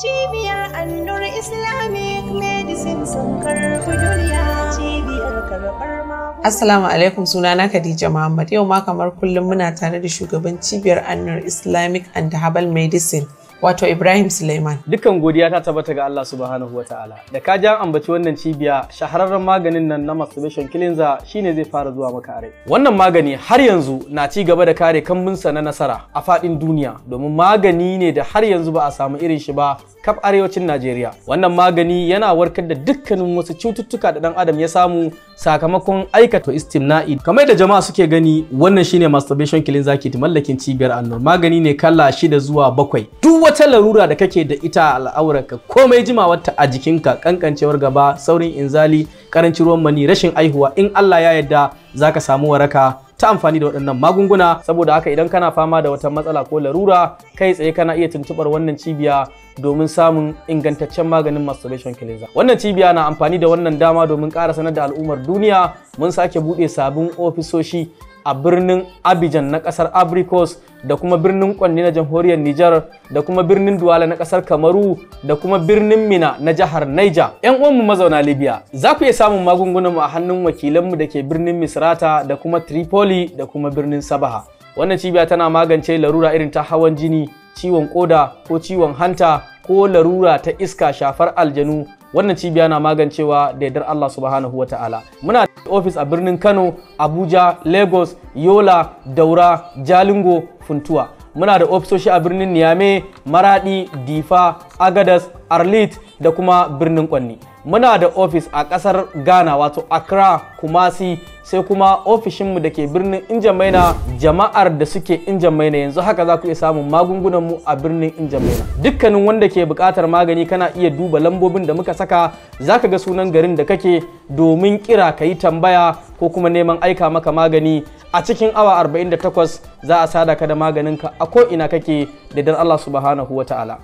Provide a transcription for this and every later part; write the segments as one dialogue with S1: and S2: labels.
S1: Cibiyar Annur Islamic Medicine sun karɓi duniya. Cibiyar karɓar
S2: magunguna. Assalamu alaikum na Khadija Muhammad. Yau ma kamar kullum muna tare da shugaban cibiyar Annur Islamic and Herbal Medicine. wato Ibrahim Suleiman.
S3: Dukkan godiya ta tabbata ga Allah subhanahu wa ta'ala. Da ka ja ambaci wannan cibiya shahararren maganin nan na masturbation cleanser shine zai fara zuwa maka rai. Wannan magani har yanzu na ci gaba da kare sa na nasara a fadin duniya domin magani ne da har yanzu ba a samu irin shi ba kaf arewacin Najeriya. Wannan magani yana warkar da dukkanin wasu cututtuka da ɗan adam ya samu sakamakon aikata istimna'i kamar da jama'a suke gani wannan shine masturbation kilin zaki mallakin cibiyar annur magani ne kala shida zuwa bakwai duk wata larura da kake da ita a al'aurarka komai jimawarta a jikinka kankancewar gaba saurin inzali karancin ruwan mani rashin aihuwa in Allah ya yarda zaka samu waraka ta amfani da waɗannan magunguna saboda haka idan kana fama da wata matsala ko larura kai tsaye kana iya tuntuɓar wannan cibiya domin samun ingantaccen maganin masturbation cleanser. Wannan cibiya na amfani da wannan dama domin ƙara sanar da al'ummar duniya mun sake buɗe sabbin ofisoshi a birnin Abidjan na ƙasar Abrikos da kuma birnin Kwanne na jamhuriyar Niger, da kuma birnin Duwala na ƙasar Kamaru da kuma birnin Mina na jihar Niger. 'Yan uwanmu mazauna Libya za ku iya samun magungunanmu a hannun wakilanmu da ke birnin Misrata da kuma Tripoli da kuma birnin Sabaha. Wannan cibiya tana magance larura irin ta hawan jini, ciwon koda ko ciwon hanta ko larura ta iska shafar aljanu wannan cibiya na magancewa da yardar Allah subhanahu wa ta'ala muna da ofis a birnin Kano Abuja Lagos Yola Daura Jalingo Funtuwa muna da ofisoshi a birnin Niamey Maradi Difa Agadas Arlit da kuma birnin Kwanni muna da ofis a ƙasar Ghana wato Accra Kumasi sai kuma ofishinmu da ke birnin injamaina jama'ar da suke injamaina yanzu haka za ku iya samun magungunanmu a birnin injamaina dukkanin wanda ke buƙatar magani kana iya duba lambobin da muka saka za ka ga sunan garin da kake domin kira ka yi tambaya ko kuma neman aika maka magani a cikin awa 48 za a sada ka da maganinka a ko ina kake da dan Allah subhanahu wa ta'ala.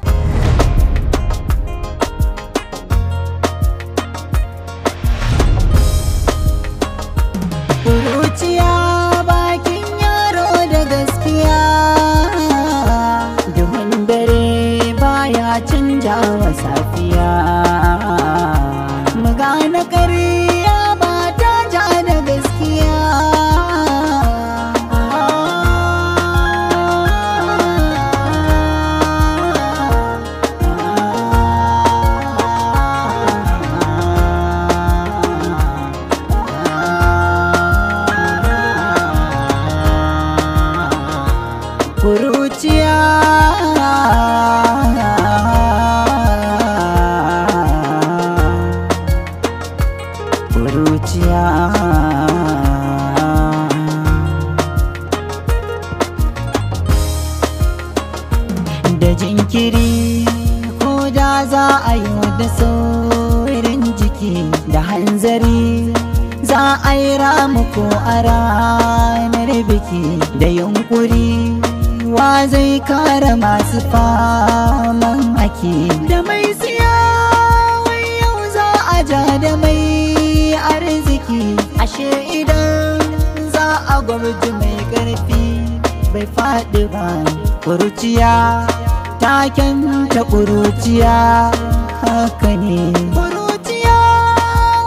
S1: wa zai kare masu faman ake da mai siya wai yau za a ja da mai arziki ashe idan za a gwamnati mai karfi bai faɗi ba ƙuruciya taken ta ƙuruciya haka ne ƙuruciya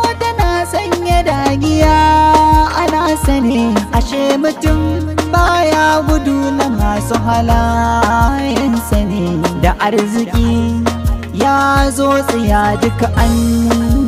S1: wata na sanya dagiya sani ashe mutum baya gudu na masu halayensa ne da arziki ya zo tsaya duka an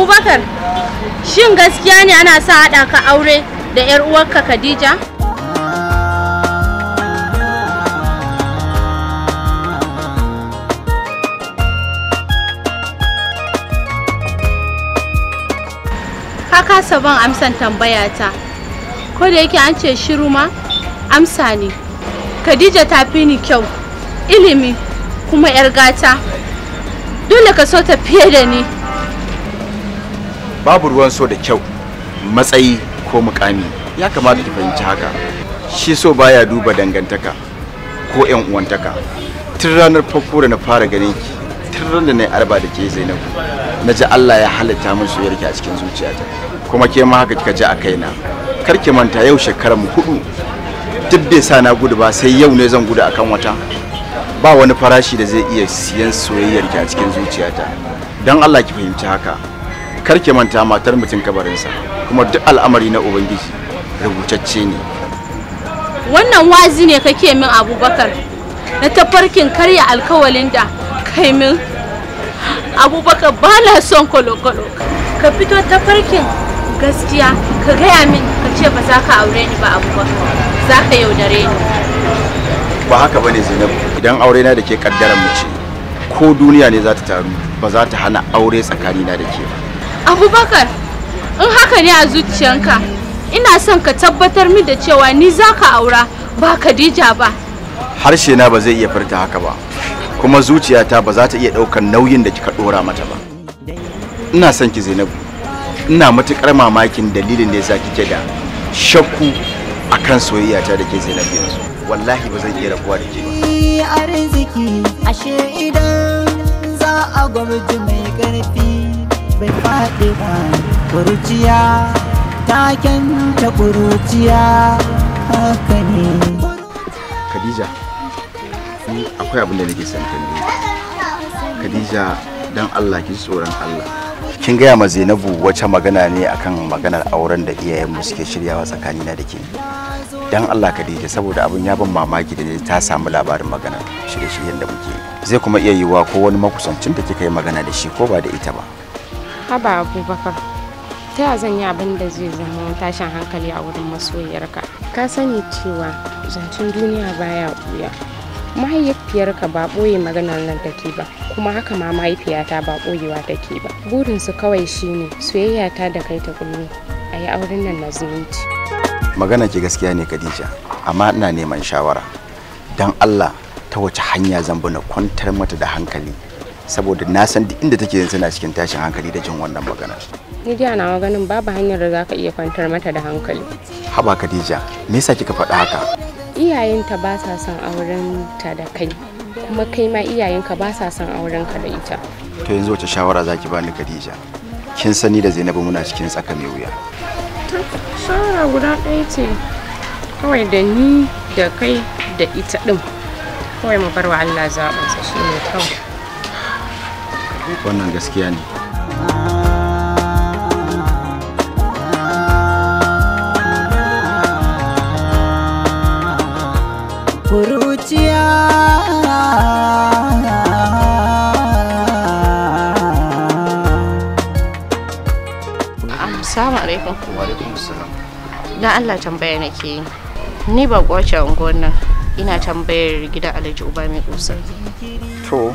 S2: abubakar shin gaskiya ne ana sa haɗa ka aure da 'yar uwarka khadija ka kasa ban amsan tambayata ko da yake an ce shiru ma amsa ne khadija ta fi ni kyau ilimi kuma 'yar gata dole ka so ta fiye da ni
S4: babu ruwan so da kyau matsayi ko mukami ya kamata ki fahimci haka shi so baya duba dangantaka ko yan uwantaka tun ranar farko da na fara ganin ki tun ranar na arba da ke zainabu na ji Allah ya halitta min soyayyarki a cikin zuciyata kuma ke ma haka kika ji a kaina kar ki manta yau shekarar mu hudu duk bai sa na gudu ba sai yau ne zan gudu akan wata ba wani farashi da zai iya siyan soyayyarki a cikin zuciyata don Allah ki fahimci haka karke manta matar mutum kabarinsa kuma duk al'amari na ubangiji rubutacce ne
S2: wannan wazi ne kake min abubakar na tafarkin karya alkawalin da kai min abubakar ba na son kolokolo ka fito tafarkin gaskiya ka gaya min ka ce ba za ka aure ni ba abubakar za ka yaudare ni
S4: ba haka ba ne zainabu idan aure na da ke kaddaran mace ko duniya ne za ta taru ba za ta hana aure tsakanina da ke ba
S2: abubakar in haka ne a zuciyanka ina son ka tabbatar min da cewa ni za ka aura ba khadija ba
S4: harshe na ba zai iya furta haka ba kuma zuciyata ba za ta iya ɗaukar nauyin da kika ɗora mata ba ina son ki zainabu ina matuƙar mamakin dalilin da ya sa kike da shakku akan soyayyata da ke zainabu yanzu wallahi ba zan iya rabuwa da ke
S1: ba idan za a gwamnati mai ƙarfi bai faɗi ba haka ne
S4: khadija ni akwai abin da nake son tambaye khadija don allah ki tsoron allah kin gaya ma zainabu wace magana ne akan maganar auren da iyayenmu suke shiryawa tsakanina da ke Don Allah Khadija saboda abin ya ban mamaki da ta samu labarin magana shirye-shiryen da muke zai kuma iya yiwuwa ko wani makusancin da kika yi magana da shi ko ba da ita ba
S2: haba abubakar ta yi zan yi abin da zai zama tashin hankali a wurin masoyarka ka sani cewa zancen duniya baya buya mahaifiyarka ba ɓoye maganar nan take ba kuma haka ma mahaifiyata ba ɓoyewa take ba burinsu kawai shine soyayya ta da kai ta kullum a yi auren nan na zumunci
S4: magana ki gaskiya ne kadija amma ina neman shawara don allah ta wace hanya zan bi na kwantar mata da hankali saboda na san duk inda take yanzu na cikin tashin hankali da jin wannan magana
S2: ni na maganin babu hanyar da za ka iya kwantar mata da hankali
S4: haba Khadija me yasa kika faɗa haka
S2: iyayenta ba sa son auren ta da kai kuma kai ma iyayenka ba sa son auren ka da ita
S4: to yanzu wace shawara zaki bani Khadija kin sani da Zainabu muna cikin tsaka mai wuya
S2: shawara guda ɗaya ce kawai da ni da kai da ita ɗin kawai mu bar wa Allah zaɓinsa shi ne kawai
S4: wannan gaskiya ne
S1: kuruciya assalamu alaikum
S4: wa alaikum assalam
S2: dan Allah tambaya nake ni ba kwace unguwar ina tambayar gidan Alhaji Uba mai kusa
S4: to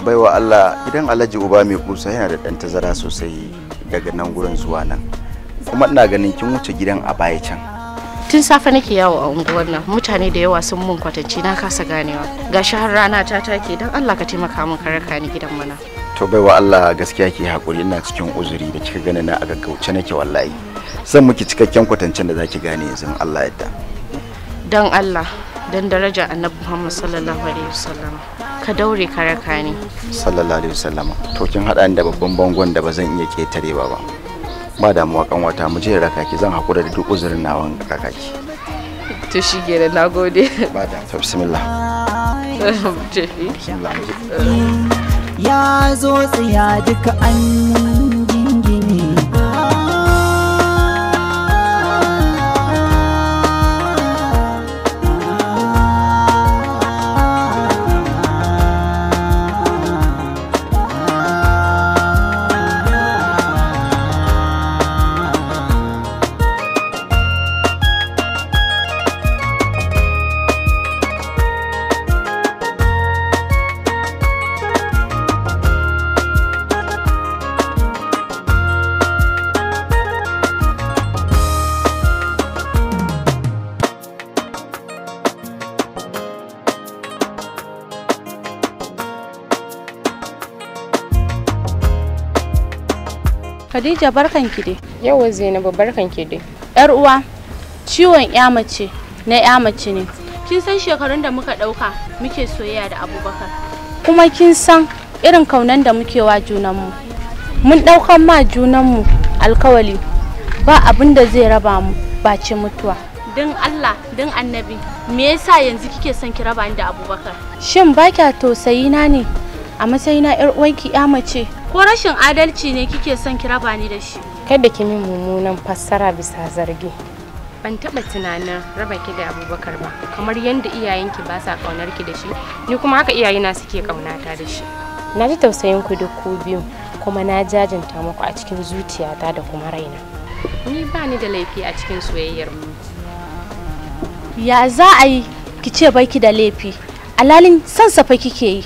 S4: baiwa Allah idan Alhaji Uba mai kusa yana da ɗan tazara sosai daga nan gurin zuwa nan kuma ina ganin kin wuce gidan a baya can
S2: tun safe nake yawo a unguwar nan mutane da yawa sun mun kwatanci na kasa ganewa gashi har rana ta take dan Allah ka taimaka min ka raka ni gidan mana
S4: to baiwa Allah gaskiya ke hakuri ina cikin uzuri da kika gani na a gaggauce nake wallahi san miki cikakken kwatancin da zaki gane yanzu Allah ta.
S2: dan Allah don daraja annabi muhammad sallallahu alaihi wasallam ka daure karaka ne.
S4: sallallahu alaihi wasallam to kin hada da babban bangon da ba zan iya ketare ba ba ba damuwa kanwata mu je raka ki zan hakura da duk uzurin nawa raka ki
S2: to shi gere na gode ba
S4: da to bismillah bismillah
S1: ya zo tsiya duka an
S2: Khadija barkan ki dai. Yawa Zainabu barkan ki dai. Yar uwa, ciwon ya mace na ya mace ne. Kin san shekarun da muka dauka muke soyayya da Abubakar. Kuma kin san irin kaunan da muke wa junanmu. Mun daukan ma junanmu alkawali ba abin da zai raba mu bace mutuwa. Din Allah, din Annabi, me yasa yanzu kike son ki raba ni da Abubakar? Shin ba kya tausayi ne? A matsayina 'yar uwanki ya mace ko rashin adalci ne kike son ki raba ni da shi kada ki min mummunan fassara bisa zargi ban taba tunanin raba ki da abubakar ba kamar yadda iyayenki ba sa kaunar ki da shi ni kuma haka iyayena suke kaunata da shi na ji tausayin ku duk ku biyu kuma na jajinta muku a cikin zuciyata da kuma raina ni ba ni da laifi a cikin soyayyar mu ya za a yi ki ce bai da laifi alalin son safa kike yi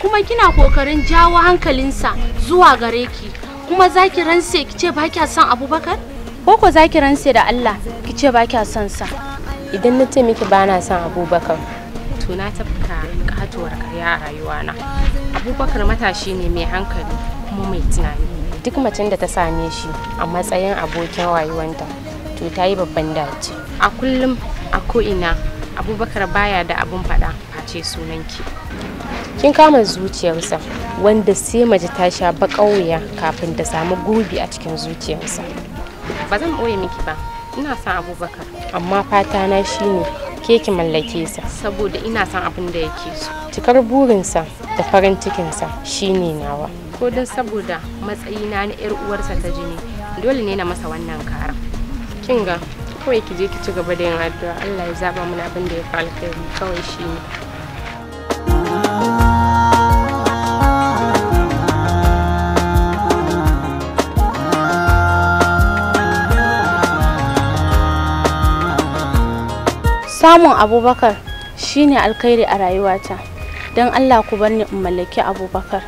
S2: kuma kina kokarin jawo hankalinsa zuwa gare ki kuma za ki ranse ki ce ba kya son abubakar ko ko za ki ranse da allah ki ce ba kya son sa idan na ce miki ba na son abubakar to na tafka katuwar karya a rayuwana abubakar matashi ne mai hankali kuma mai tunani duk macen da ta same shi a matsayin abokin rayuwanta to ta yi babban dace a kullum a ko'ina abubakar baya da abun faɗa face sunanki kin kama zuciyarsa wanda sai mace ta sha baƙauya kafin ta samu gobi a cikin zuciyarsa ba zan ɓoye miki ba ina son abubakar amma fata na shine ke ki mallake sa saboda ina son abin da yake so cikar burinsa da farin cikinsa shine nawa ko don saboda matsayina na 'yar uwarsa ta jini dole ne na masa wannan kara kin ga kawai ki je ki ci gaba da yin addu'a Allah ya zaba mana abin da ya fi alkhairi kawai shi ne samun abubakar shine alkhairi a rayuwata don allah ku bar ni in mallaki abubakar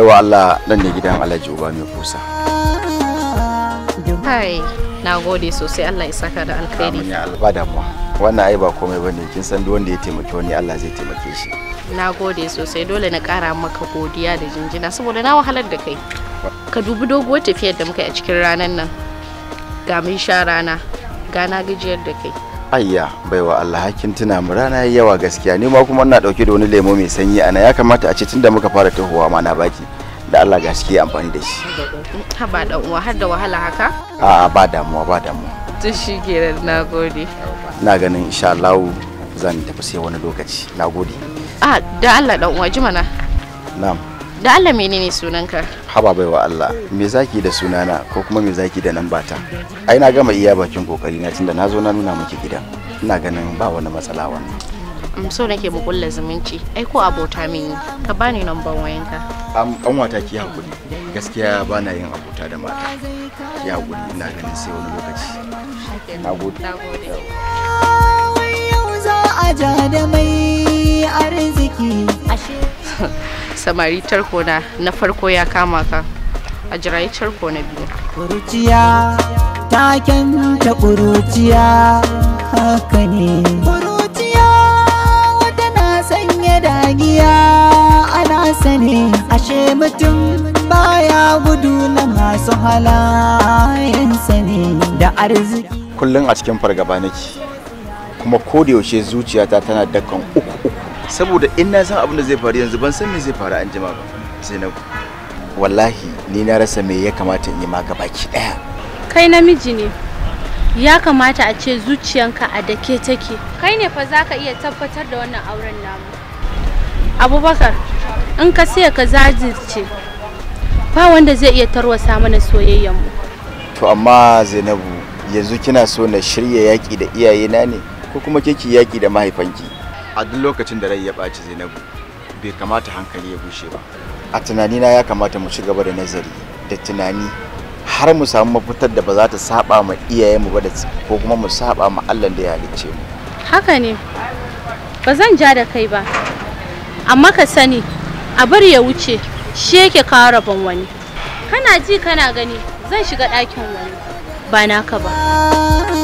S4: baiwa Allah nan ne gidan Alhaji Uba mai kusa
S2: Hai, na gode sosai Allah ya saka da alkhairi
S4: ba damuwa wannan ai ba komai bane kin san duk wanda ya taimaki wani Allah zai taimake shi
S2: na gode sosai dole na kara maka godiya da jinjina saboda na wahalar da kai ka dubi doguwar tafiyar da muka yi a cikin ranan nan ga mun sha rana ga na gajiyar da kai
S4: ayya baiwa Allah hakin tuna mu rana yayi yawa gaskiya ni ma kuma ina dauke da wani lemo mai sanyi ana ya kamata a ce tunda muka fara tahowa ma na baki da Allah gaskiya amfani da shi
S2: ha ba dan uwa har da wahala haka
S4: a ba damuwa ba damuwa
S2: to shi ke na gode
S4: na ganin insha Allah zan tafi sai wani lokaci na gode
S2: a ah, da Allah dan uwa jima na. na'am da Allah menene sunanka
S4: haba baiwa Allah me zaki da sunana ko kuma me zaki da nan bata ai na gama iya bakin kokari na tunda na zo na nuna miki gidan ina ganin ba wani matsala wannan
S2: am so nake mu kulla zumunci ai ko abota min ka bani namban wayanka
S4: am an wata ki hakuri gaskiya bana yin abota da mata ya hakuri ina ganin sai wani lokaci nagode nagode
S1: yau za a ja mai
S2: samari tarko na na farko ya kama ka a jirai tarko na biyu
S1: kuruciya taken ta kuruciya haka ne kuruciya wata na sanya dagiya ana sani ashe mutum baya gudu na masu halayen ne da arziki
S4: kullum a cikin fargaba nake kuma kodayaushe zuciyata tana dakan uku uku saboda in na san abin da zai faru yanzu ban san me zai faru an jima ba sai na wallahi ni na rasa me ya kamata in yi ma gabaki daya
S2: kai namiji ne ya kamata a ce zuciyanka a dake take kai ne fa zaka iya tabbatar da wannan auren namu abubakar in ka sai ka zajirce ba wanda zai iya tarwasa mana soyayyen mu
S4: to amma zainabu yanzu kina so na shirya yaki da iyayena ne ko kuma kike yaki da mahaifanki a duk lokacin da rai ya ɓaci zainabu bai kamata hankali ya bushe ba a tunanina ya kamata mu ci gaba da nazari da tunani har mu samu mafitar da ba za ta saba ma iyayenmu ba da ko kuma mu saba ma Allah da ya halicce mu
S2: haka ne ba zan ja da kai ba amma ka sani a bar ya wuce shi yake kawo rabon wani kana ji kana gani zan shiga
S1: ɗakin wani ba naka ba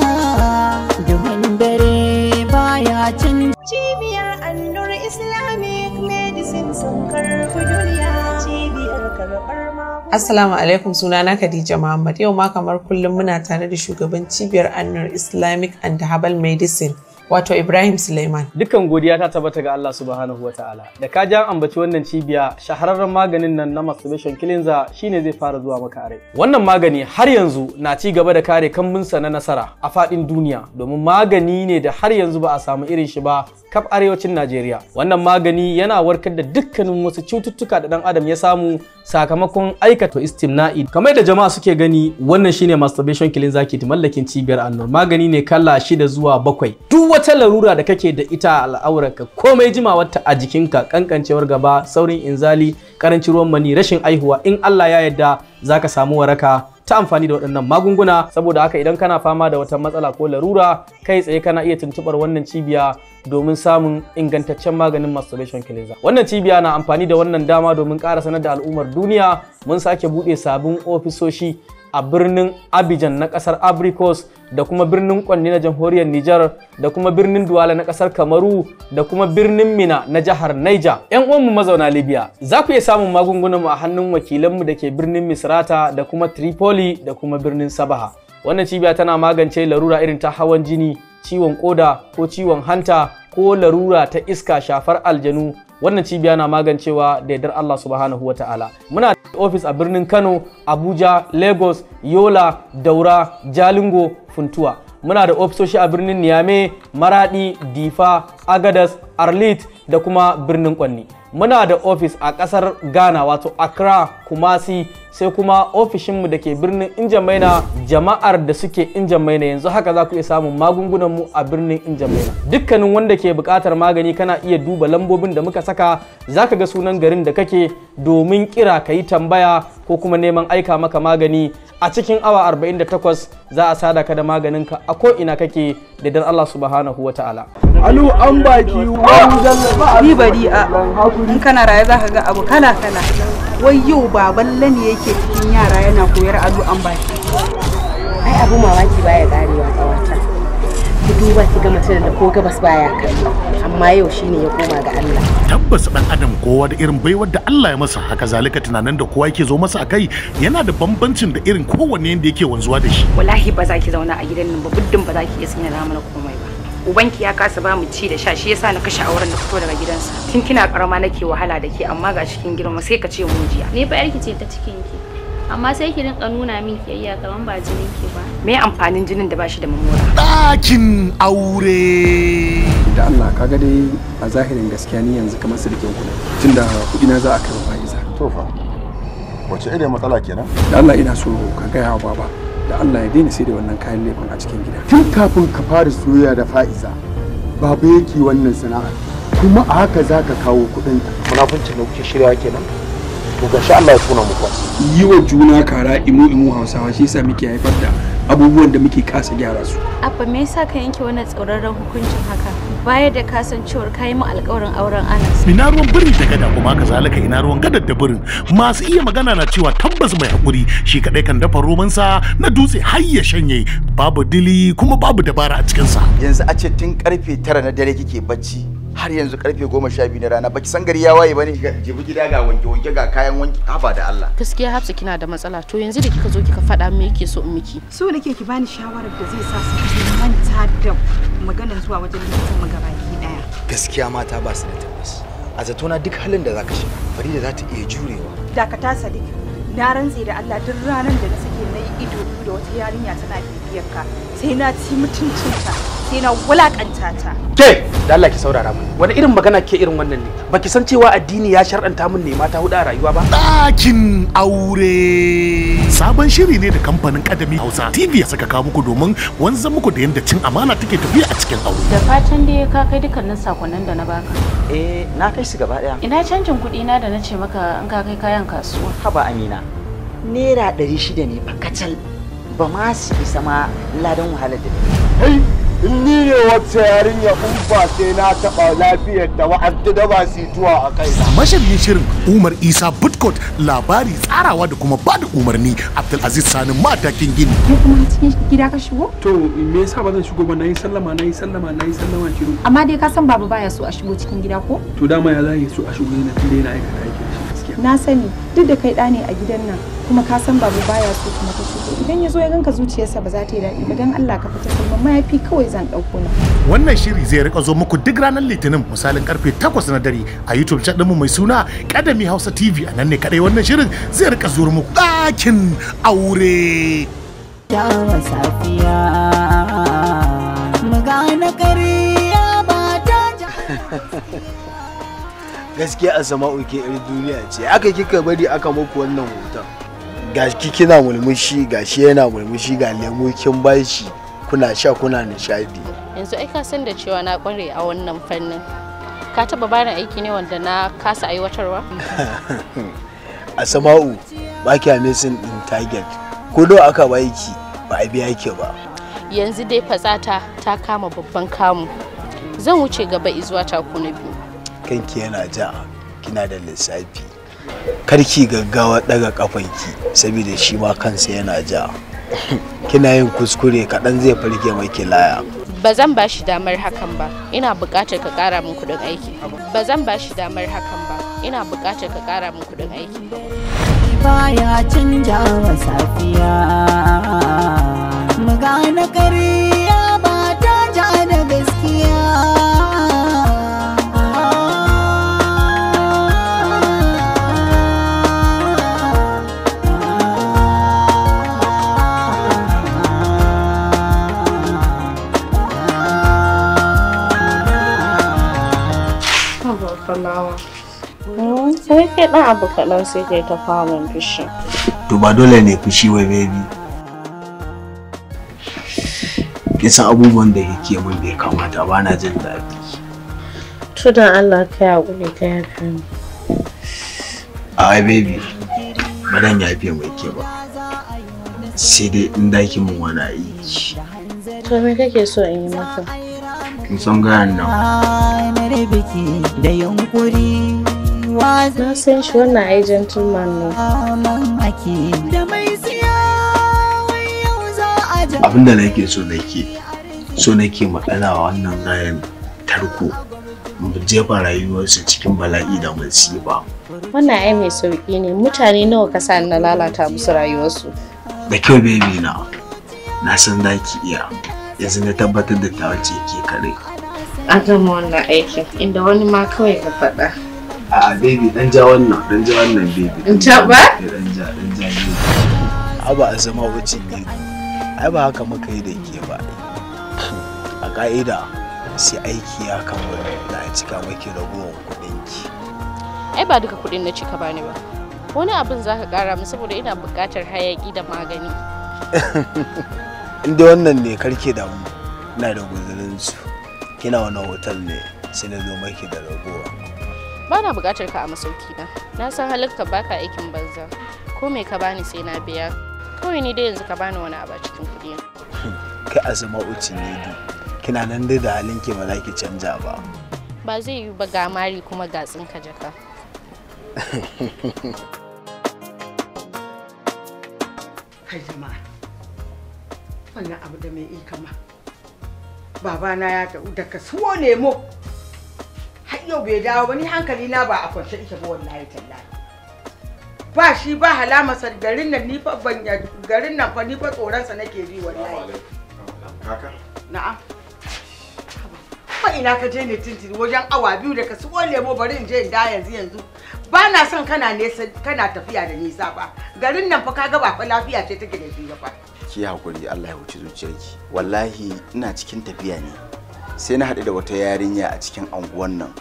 S2: Assalamu alaikum sunana Khadija Muhammad yau ma kamar kullum muna tare da shugaban cibiyar Annur Islamic and Herbal Medicine wato Ibrahim Suleiman.
S3: Dukan godiya ta tabbata ga Allah subhanahu wa ta'ala. Da ka ja ambaci wannan cibiya shahararren maganin nan na masturbation kilinza shine zai fara zuwa maka a rai. Wannan magani har yanzu na ci gaba da kare kambunsa na nasara a fadin duniya domin magani ne da har yanzu ba a samu irin shi ba kaf arewacin Najeriya. Wannan magani yana warkar da dukkanin wasu cututtuka da dan adam ya samu sakamakon aikata istimna'i. Kamar da jama'a suke gani wannan shine masturbation kilinza ke mallakin cibiyar Annur. Magani ne kala shida zuwa bakwai. Duk wata larura da kake da ita a al'aurarka komai jimawarta a jikinka kankancewar gaba saurin inzali karancin ruwan mani rashin aihuwa in Allah ya yarda zaka samu waraka ta amfani da waɗannan magunguna saboda haka idan kana fama da wata matsala ko larura kai tsaye kana iya tuntuɓar wannan cibiya domin samun ingantaccen maganin masturbation cleanser wannan cibiya na amfani da wannan dama domin ƙara sanar da al'ummar duniya mun sake buɗe sabbin ofisoshi a birnin Abidjan na ƙasar Abrikos da kuma birnin Kwanni na jamhuriyar Niger, da kuma birnin Duwala na ƙasar Kamaru da kuma birnin Mina na jihar Niger. 'Yan uwanmu mazauna Libya za ku iya samun magungunanmu a hannun wakilanmu da ke birnin Misrata da kuma Tripoli da kuma birnin Sabaha. Wannan cibiya tana magance larura irin ta hawan jini, ciwon koda ko ciwon hanta ko larura ta iska shafar aljanu wannan cibiya na magancewa da yardar Allah subhanahu wa ta'ala muna da ofis a birnin Kano Abuja Lagos Yola Daura Jalingo Funtuwa muna da ofisoshi a birnin Niamey Maradi Difa Agadas Arlit da kuma birnin Kwanni muna da ofis a kasar ghana wato accra kumasi sai kuma ofishinmu da ke birnin injamaina jama'ar da suke injamaina yanzu haka za ku iya samun magungunanmu a birnin injamaina dukkanin wanda ke buƙatar magani kana iya duba lambobin da muka saka za ka ga sunan garin da kake domin kira ka yi tambaya ko kuma neman aika maka magani a cikin awa 48 za a sada ka da maganinka a ko ina kake da dan Allah subhanahu wa ta'ala
S5: alu an baki wani ni bari a in kana raye za ka ga abu kala kala wai yau baballe ne yake cikin yara yana koyar alu an baki ai abu mamaki baya karewa kawata ki duba ki ga mutum da ko gabas baya kallo amma yau shine ya koma ga Allah
S6: tabbas dan adam kowa da irin baiwar da Allah ya masa haka zalika tunanin da kowa yake zo masa akai yana da bambancin da irin kowanne yanda yake wanzuwa da shi
S2: wallahi ba za ki zauna a gidan nan ba buddin ba za ki iya sanya mana komai ba ubanki ya kasa ba mu ci da sha shi yasa na kashe auren da fito daga gidansa tun kina karama nake wahala da ke amma ga cikin girma sai ka ce mu jiya ni fa yarki ce ta cikin ki amma sai ki rinka nuna min kiyayya kaman ba jinin ki ba me amfanin jinin da bashi da
S7: mamora ɗakin aure da Allah kaga dai a zahirin gaskiya ni yanzu kamar sirkin ku tunda kudi na za a kai fa'iza to fa wace irin matsala kenan da Allah ina so ka gaya wa baba da Allah ya daina sai da wannan kayan laifin a cikin gida tun kafin ka fara soyayya da fa'iza babu yake wannan sana'a kuma a haka za ka kawo kuɗin munafuncin da kuke shirya kenan
S6: to ga sha Allah ya tuna muku
S7: yi wa juna kara imu imu hausawa shi yasa
S6: muke haifar da abubuwan da muke kasa gyara su
S2: abba me yasa ka yanke wannan tsauraran hukuncin haka baya da kasancewar kayi mu alƙawarin auren Anas
S6: ina ruwan biri da gada kuma kazalika ina ruwan gadar da birin masu iya magana na cewa tabbas mai hakuri shi kadai kan dafa roman sa na dutse har ya shanye babu dili kuma babu dabara a cikin sa
S4: yanzu a ce tun karfe 9 na dare kike bacci har yanzu karfe goma sha biyu na rana baki san gari ya waye bane jibi gida ga wanke wanke ga kayan wanke haba da Allah
S2: gaskiya Hafsa kina da matsala to yanzu da kika zo kika fada me yake so in miki so nake ki bani shawarar da zai sa su
S5: manta da maganar zuwa wajen
S1: likitan magabaki daya
S4: gaskiya mata ba su da tabbas a zatona duk halin da zaka shiga Farida za ta iya jurewa
S1: dakata Sadiq na rantse da Allah duk ranar da na sake na ido da wata yarinya tana bibiyar ka sai na
S4: ci
S3: mutuncinta
S1: sai na wulakanta
S6: ta
S3: ke da Allah ki saurara mun wani irin magana ke irin wannan ne baki san cewa addini ya shar'anta mun ne mata hudu a rayuwa ba
S6: ɗakin aure sabon shiri ne da kamfanin kadami hausa tv ya saka kawo muku domin wanzan muku da yadda cin amana take tafiya a cikin aure da
S2: fatan dai ka kai dukkanin sakonnin da na baka eh na kai su gaba daya ina canjin kuɗi na da na ce maka in ka kai kayan kasuwa haba amina
S5: naira 600 ne fa kacal
S7: ba ma su isa ma ladan wahalar da hey. in ni ne wacce yarinya in sai na taɓa lafiyar da wa'adda da ba tuwa a
S6: kai mashirin shirin umar isa butkot labari tsarawa da kuma ba da umarni abdulaziz sani matakin gini
S5: ko kuma cikin gida ka shigo to me yasa ba zan shigo ba nayi sallama nayi sallama nayi sallama shiru amma dai ka san babu baya so a shigo cikin gida ko to dama ya zai so a shigo yana tunda yana aikata aikin shi na sani duk da kai ɗa ne a gidan nan kuma ka san babu baya so kuma ka so idan ya zo ya ganka zuciyarsa ba za ta yi daɗi ba dan Allah ka fita kalmar mayafi kawai zan ɗauko na.
S6: Wannan shiri zai rika zo muku duk ranar Litinin misalin karfe 8 na dare a YouTube chat mu mai suna Kadami Hausa TV a nan ne kadai wannan shirin zai rika zuwa muku ɗakin aure. Dawa safiya gane
S7: ba ta gaskiya a sama'u ke 'yar duniya ce aka kika bari aka muku wannan hoton gashi kina mulmushi gashi yana mulmushi ga lemu kin bashi kuna sha kuna nishadi
S2: yanzu ai ka san da cewa na kware a wannan fannin ka taba bada aiki ne wanda na kasa aiwatarwa
S7: a sama'u ba ki mesin din target ko do aka ba ba a biya ki ba
S2: yanzu dai fatsata ta kama babban kamu zan wuce gaba izuwa taku na biyu
S7: kanki yana ja kina da lissafi karki gaggawa daga ki saboda shi ma kansa yana ja kina yin kuskure kaɗan zai farke maki laya
S2: ba zan ba shi damar hakan ba ina buƙatar ka ƙara min kuɗin aiki ba zan ba shi damar hakan ba ina buƙatar ka
S1: ƙara min kuɗin aiki baya canja safiya mu kare
S2: kai abu kaɗan sai kai ta faman fushi.
S7: To ba dole ne fushi wai baby. Kisan abubuwan da yake min bai kamata ba na jin daɗi.
S2: To da Allah ka ya gure ka fi mu.
S7: Ai baby, ba dan fi mai ke ba. Sai dai in daki mun wani aiki.
S2: To me kake so in yi maka?
S7: Kin san nan.
S2: na san shi wannan ai gentleman ne
S7: abinda nake so nake so nake magana wannan gayan tarko mu jefa rayuwarsa cikin bala'i da musiba
S2: wannan ai mai sauki ne mutane nawa kasa na lalata musu rayuwarsu
S7: da kyau baby na na san za ki iya yanzu na tabbatar da ta wace ke kare
S2: an gama wannan aikin inda wani ma kawai ka faɗa
S7: a baby dan ja wannan dan ja wannan baby in taba eh, dan ja dan ja aba a zama wacce ne ai ba haka muka yi da ke ba a ka'ida sai aiki ya kama da a cika maki ragowar kuɗin ki
S2: ai ba duka kuɗin na cika bani ba wani abin za ka ƙara min saboda ina buƙatar hayaki da magani
S7: inda wannan ne karke da mu ina da guzurin kina wani hotel ne sai na zo maki da ragowa
S2: ba na buƙatar ka a masauki na na san ba baka aikin banza ko me ka bani sai na biya kawai ni dai yanzu ka bani wani abu a cikin kuɗi
S7: kai zama uci ne kina nan dai da halin ke ba za ki canja ba
S2: ba zai yi ba ga mari kuma ga tsinka jaka
S5: kai jama'a wannan abu da mai ikama babana ya da ka nemo lemo har yau bai dawo ba ni hankali na ba a kwance ita ba wallahi tallahi ba shi ba halama halamarsa garin nan ni fa ban garin nan fa ni fa tsoron sa nake ji wallahi kaka na'am fa ina ka je ne tintin wajen awa biyu da ka sigo lemo bari in je in da yanzu yanzu ba na son kana nesa kana tafiya da nisa ba garin nan fa ga ba fa lafiya ce take da shi ba fa
S4: ki hakuri Allah ya huce zuciyarki wallahi ina cikin tafiya ne sai na haɗu da wata yarinya a cikin anguwan nan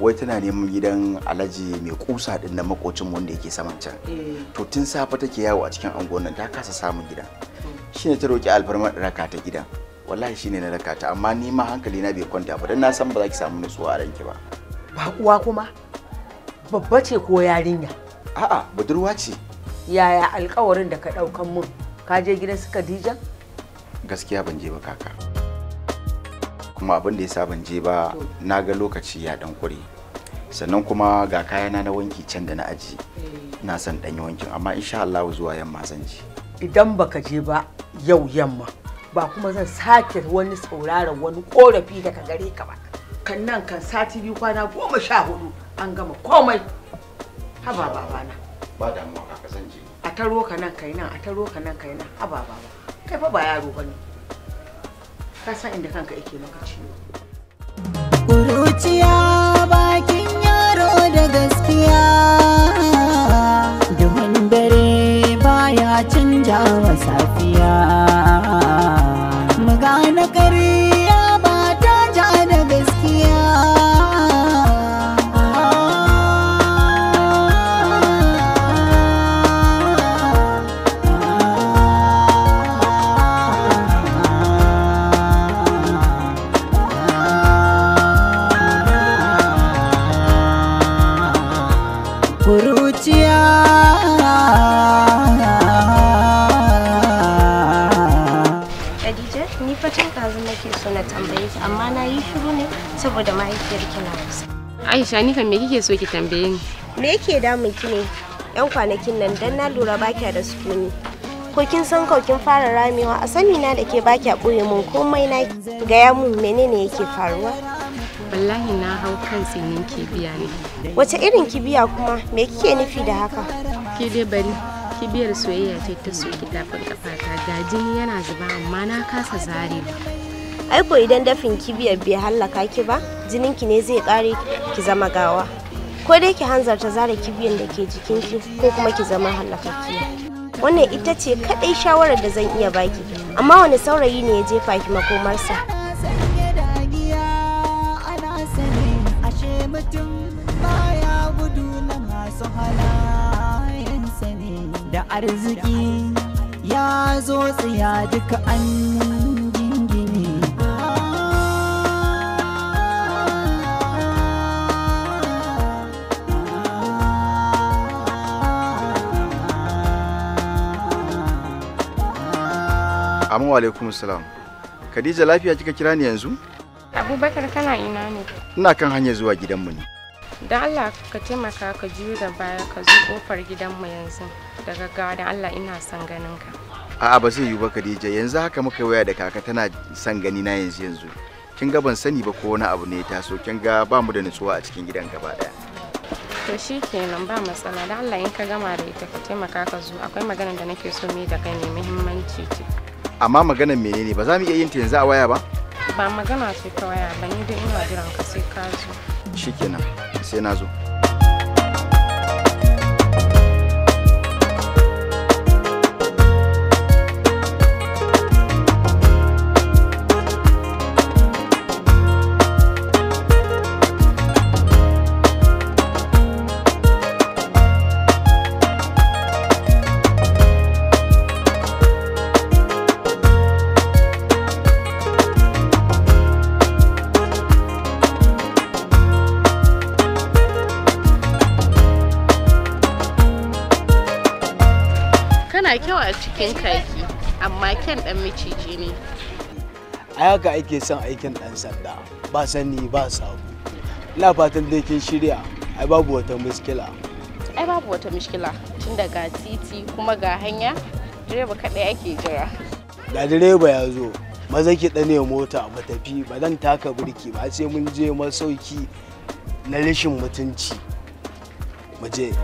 S4: wai tana neman gidan alaji mai kusa din na makocin wanda yake saman can eh. to tun safe take yawo a cikin anguwan nan ta kasa samun gidan hmm. shine ta roki alfarma raka ta gidan wallahi shine na raka ta amma ni ma hankali na bai kwanta ba dan na san ba za ki samu nutsuwa a ranki ba
S5: ba uwa kuma
S4: babba ce ko yarinya a'a budurwa ce
S5: yaya alkawarin da ka daukan mun ka je gidan su Khadija
S4: gaskiya ban je ba kaka kuma abin da ya sa je ba na ga lokaci ya dan kure sannan kuma ga kayana na wanki can da na aji na son dan yi wankin amma insha Allah zuwa yamma zan je
S5: idan baka je ba yau yamma ba kuma zan sake wani sauraron wani korafi daga gare ka ba kan nan kan sati biyu kwana goma sha hudu an gama komai haba babana
S4: ba damuwa kaka zan je
S5: a taro ka nan kai nan a taro ka nan kai nan haba baba kai fa ba yaro bane ka san inda kanka yake maka ciwo
S1: kuruciya bakin yaro da gaskiya
S2: saboda mahaifiyar ki na kusa. Aisha ni kan me kike so ki tambaye ni? Me yake damun ki ne? Yan kwanakin nan dan na lura baki da sukuni. Ko kin san ko kin fara ramewa a sani na da ke a boye mun komai na gaya mun menene yake faruwa? Wallahi na hau kan tsinin kibiya ne. Wace irin kibiya kuma me kike nufi da haka? Ki dai bari kibiyar soyayya ce ta soki tafin kafata ga jini yana zuba amma na kasa zare aiko idan dafin kibiyar bai hallaka ki ba jinin ki ne zai kare ki zama gawa ko dai ki hanzarta zara kibiyar da ke jikinki ko kuma ki zama ki. wannan ita ce kadai shawarar da zan iya baki amma wani saurayi ne ya jefa ki makomarsa
S1: arziki ya zo tsaya duka an
S4: Amin wa alaikum salam. Khadija lafiya kika kira ni yanzu?
S2: Abubakar kana ina ne?
S4: Ina kan hanyar zuwa gidanmu ne.
S2: Da Allah ka taimaka ka juyo da baya ka zo kofar gidanmu yanzu daga gaggawa da Allah ina son ganin ka.
S4: A'a ba zai yiwu ba Khadija yanzu haka muka waya da kaka tana son gani na yanzu yanzu. Kin ga ban sani ba ko wani abu ne ta so kin ga ba mu da nutsuwa a cikin gidan gaba daya.
S2: To shi kenan ba matsala da Allah in ka gama da ita ka taimaka ka zo akwai maganar da nake so me da kai ne muhimmanci ce.
S4: amma maganar menene ba za mu iya yin yanzu a waya ba
S2: ba magana ce ta waya ba ni da ina jiran ka sai ka zo
S4: shikenan sai na zo
S2: cikin kaki amma ken dan miciji ne
S7: a haka ake son aikin dan sanda ba sani ba sabu ina fatan dai kin shirya ai babu wata muskila
S2: ai babu wata muskila tun daga titi kuma ga hanya direba kaɗai ake jira
S7: da direba ya zo maza ki dane mota a matafi ba zan taka birki ba sai mun je masauki na rashin mutunci mu je.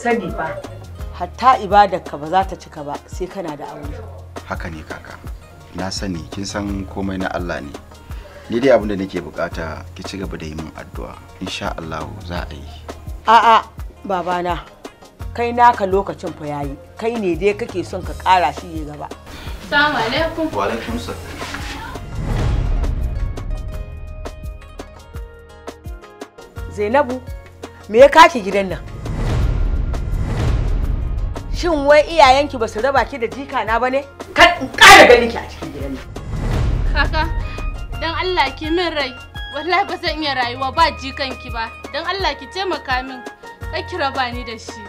S5: sani ba hatta ibadarka ba za ta cika ba sai kana da aure
S4: haka ne kaka na sani kin san komai na Allah ne ni dai abin da nake bukata ki ci gaba da yi min addu'a insha Allah za a yi
S5: a'a babana kai naka lokacin fa yayi kai ne dai kake son ka kara shi ne gaba
S2: assalamu alaikum wa alaikum
S5: Zainabu me ya kake gidan nan Shin wai iyayenki ba su raba ki da jika na bane? Kar in ƙara ganin ki a cikin
S2: gidan nan. Kaka, dan Allah ki min rai. Wallahi ba zan iya rayuwa ba jikanki ba. Dan Allah ki taimaka min. Kai ki raba ni da shi.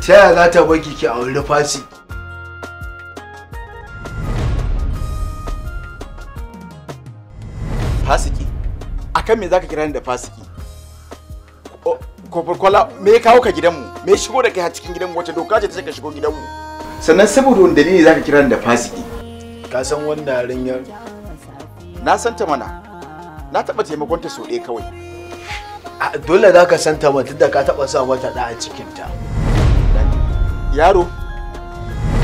S7: Ta yaya za ta baki ki a wani fasi? Fasiki?
S4: Akan me za ka kira ni da fasiki? Ko kwala me ya kawo ka gidanmu? me shigo da kai a cikin gidanmu wace doka ce ta ka shigo gidanmu sannan saboda wani ne zaka kira ni da fasiki
S7: ka san wanda yarinyar na san ta mana na taba taimakon ta so ɗaya kawai dole za ka san ta mata da ka taba sa mata da a cikin ta yaro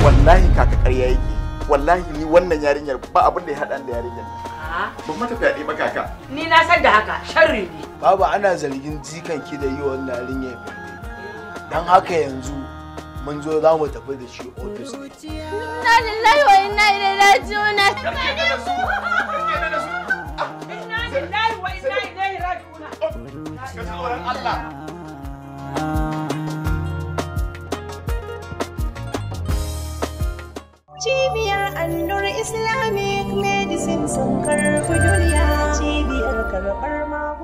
S7: wallahi kaka ƙarya
S4: yake wallahi ni wannan yarinyar ba abin da ya haɗa da yarinyar ba mata fyaɗe ba kaka
S5: ni na san da haka sharri ne
S7: baba ana zargin jikan ki da yi wannan yarinyar don haka yanzu mun zo za mu tafi da shi ofis inna
S2: lillahi wa inna ilaihi raji'un inna
S5: lillahi wa inna ilaihi raji'un Allah
S1: Cibiyar Annur Islamic Medicine sun karfi duniya.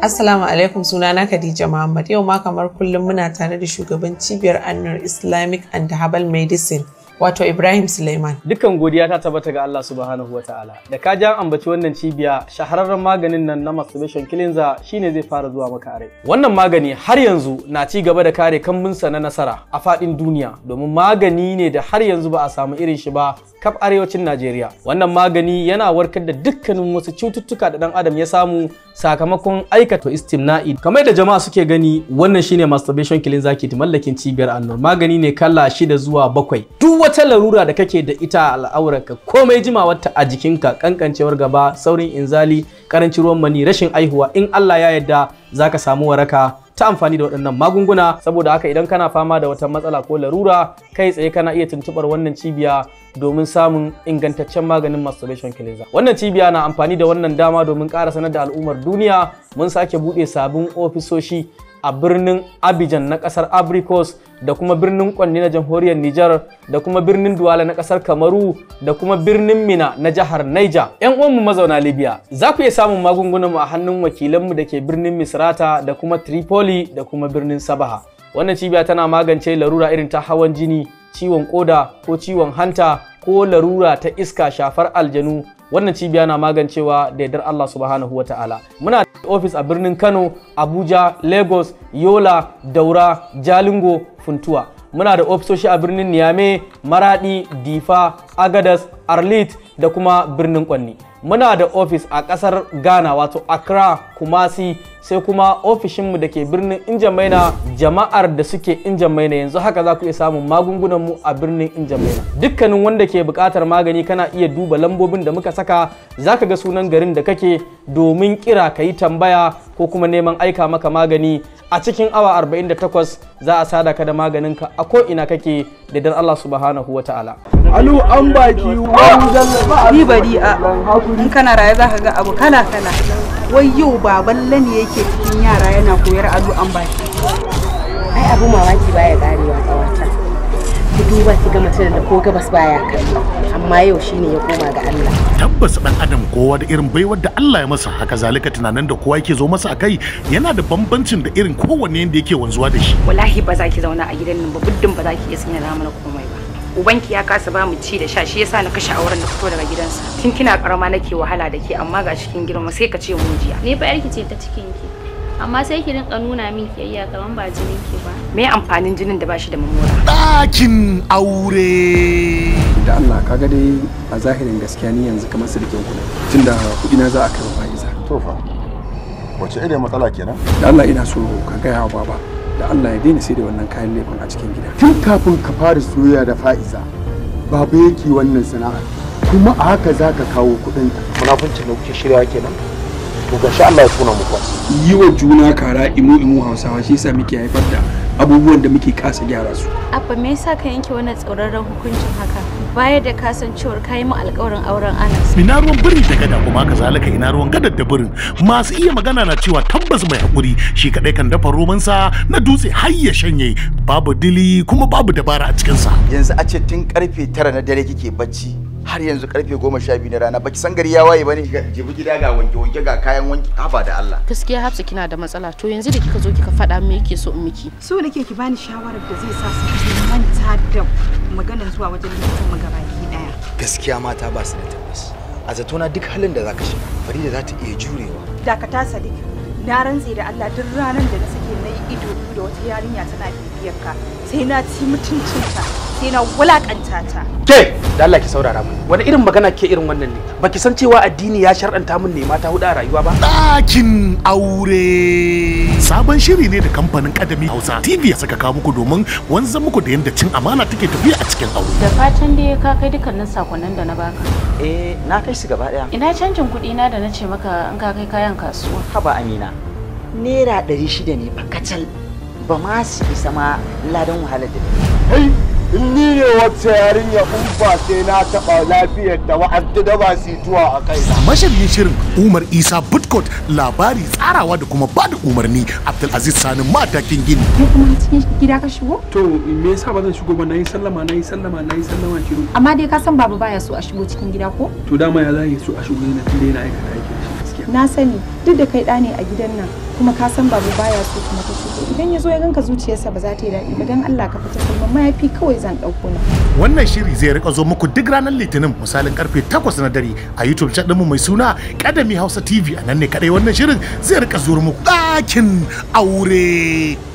S2: Assalamu alaikum sunana Khadija Muhammad yau ma kamar kullum muna tare da shugaban cibiyar annar Islamic and Herbal Medicine wato Ibrahim Suleiman.
S3: Dukkan godiya ta tabbata ga Allah subhanahu wataala. Da ka ja ambaci wannan cibiya shahararren maganin nan na masturbation cleanser shine zai fara zuwa maka a rai. Wannan magani har yanzu na ci gaba da kare kambinsa na nasara a fadin duniya domin magani ne da har yanzu ba a samu irin shi ba kaf arewacin Najeriya. Wannan magani yana warkar da dukkanin wasu cututtuka da dan adam ya samu sakamakon aikata istimna'i. Kamar da jama'a suke gani wannan shine masturbation cleanser ke mallakin cibiyar annor magani ne kala shida zuwa bakwai. Duk wata larura da kake da ita a al'aurarka komai jimawar ta a jikinka kankancewar gaba saurin inzali karancin ruwan mani rashin aihuwa in Allah ya yarda zaka samu waraka ta amfani da waɗannan magunguna saboda haka idan kana fama da wata matsala ko larura kai tsaye kana iya tuntuɓar wannan cibiya domin samun ingantaccen maganin masturbation cleanser wannan cibiya na amfani da wannan dama domin ƙara sanar da al'ummar duniya mun sake buɗe sabbin ofisoshi a birnin Abidjan na kasar Abrikos da kuma birnin Kwanni na jamhuriyar Nijar da kuma birnin Duwala na kasar Kamaru da kuma birnin Mina na jihar Niger. 'Yan uwanmu mazauna Libya za ku iya samun magungunanmu a hannun wakilanmu da ke birnin Misrata da kuma Tripoli da kuma birnin Sabaha. Wannan cibiya tana magance larura irin ta hawan jini, ciwon koda ko ciwon hanta ko larura ta iska shafar aljanu wannan cibiya na magancewa da yadda Allah subhanahu wa ta'ala muna da ofis a birnin Kano Abuja Lagos Yola Daura Jalingo Funtuwa muna da ofisoshi a birnin Niamey Maradi Difa Agadas Arlit da kuma birnin Kwanni muna da ofis a kasar ghana wato accra kumasi sai kuma ofishinmu da ke birnin injamaina jama'ar da suke injamaina yanzu haka za ku iya samun magungunanmu a birnin injamaina dukkanin wanda ke bukatar magani kana iya duba lambobin da muka saka za ka ga sunan garin da kake domin kira ka yi tambaya ko kuma neman aika maka magani a cikin awa 48 za a sada ka da maganinka a ko ina kake da dan Allah subhanahu ta'ala.
S5: alu an baki ni bari a in kana raye za ka ga abu kana kana wai yau baban lani yake cikin yara yana koyar alu an baki ai abu mawaki baya karewa tsawata ki duba ki ga mutum da ko gabas baya kallo amma yau shine ya koma ga Allah
S6: tabbas dan adam kowa da irin baiwar da Allah ya masa haka zalika tunanin da kowa yake zo masa a kai yana da bambancin da irin kowanne yanda yake wanzuwa da shi wallahi ba za ki
S2: zauna a gidan nan ba buddin ba za ki iya sanya mana komai ba ubanki ya kasa ba mu ci da sha shi yasa na kashe auren da fito daga gidansa tun kina karama nake wahala da ke amma ga cikin girma sai ka ce mu jiya ni ba yarki ce ta cikin ki amma sai ki rinka nuna min kiyayya kaman ba jinin ki ba me amfanin jinin da bashi da
S6: mamora ɗakin aure da Allah kaga dai
S7: a zahirin gaskiya ni yanzu kamar sirkin ku tunda kuɗi na za a kai fa'iza to fa wace irin matsala kenan da Allah ina so ka gaya wa baba da Allah ya daina sai da wannan kayan laifin a cikin gida tun kafin ka fara soyayya da fa'iza baba yake wannan sana'a kuma a haka zaka kawo kuɗin munafuncin da kuke shirya kenan
S6: to ga sha Allah ya tona muku
S7: yi wa juna kara imu imu hausawa shi yasa muke haifar da abubuwan da muke
S6: kasa gyara su
S2: abba me yasa ka yanke wannan tsauraran hukuncin haka baya da kasancewar ka yi mu alƙawarin auren Anas
S6: ina ruwan birin da gada kuma ka zalaka ina ruwan gadar da birin masu iya magana na cewa tabbas mai hakuri shi kadai kan dafa roman sa na dutse har ya shanye babu dili kuma babu dabara a cikin sa
S4: yanzu a ce tun karfe 9 na dare kike bacci har yanzu karfe goma sha biyu na rana baki san gari ya waye bane jibi gida ga wanke wanke ga kayan wanki haba
S3: da Allah
S2: gaskiya hafsa kina da matsala to yanzu da kika zo kika fada me yake so in miki so nake ki bani shawarar da zai sa su manta da maganar zuwa wajen likitan magabaki daya
S4: gaskiya mata ba su da tabbas a zatona duk halin da zaka shiga Farida za ta iya jurewa
S1: dakata Sadiq na rantse da Allah duk ranar da na sake nayi ido da wata yarinya tana bibiyar ka sai na ci
S7: mutuncinta
S1: sai na wulakanta ta
S7: ke da Allah ki saurara mu wani irin magana ke irin wannan ne baki san cewa addini ya shar'anta mun ne mata hudu a rayuwa ba
S6: ɗakin aure sabon shiri ne da kamfanin kadami Hausa TV ya saka kawo muku domin wanzan muku da yanda cin amana take tafiya a cikin aure da
S2: fatan da ka kai dukkanin sakonnin da na baka eh na kai
S6: su gaba daya ina
S2: canjin kuɗi na da na ce maka in ka kai kayan kasuwa
S5: haba amina naira 600 ne fa kacal ba ma su isa ma
S7: ladan wahalar da hey. in ni ne yarinya in sai na taɓa
S6: lafiyar da wa'adda da ba situwa a kai mashiryin shirin umar isa butkot labari tsarawa da kuma bada umarni umarni abdulaziz sani matakin gini ko kuma cikin gida ka shigo to me yasa ba zan shigo ba na yi sallama na yi sallama na yi sallama shiru
S5: amma dai ka san baba baya so a shigo cikin gida ko to dama ya za so a shigo yana tunda yana aikata aikin shi na sani duk da kai ɗa ne a gidan nan kuma ka san babu baya so kuma ta so idan ya zo ya ganka zuciyarsa ba za ta yi daɗi ba dan Allah ka fita kullum mayafi kawai zan ɗauko na.
S6: Wannan shiri zai rika zo muku duk ranar Litinin misalin karfe 8 na dare a YouTube chat mu mai suna Kadami Hausa TV a nan ne kadai wannan shirin zai rika zuwa muku ɗakin aure.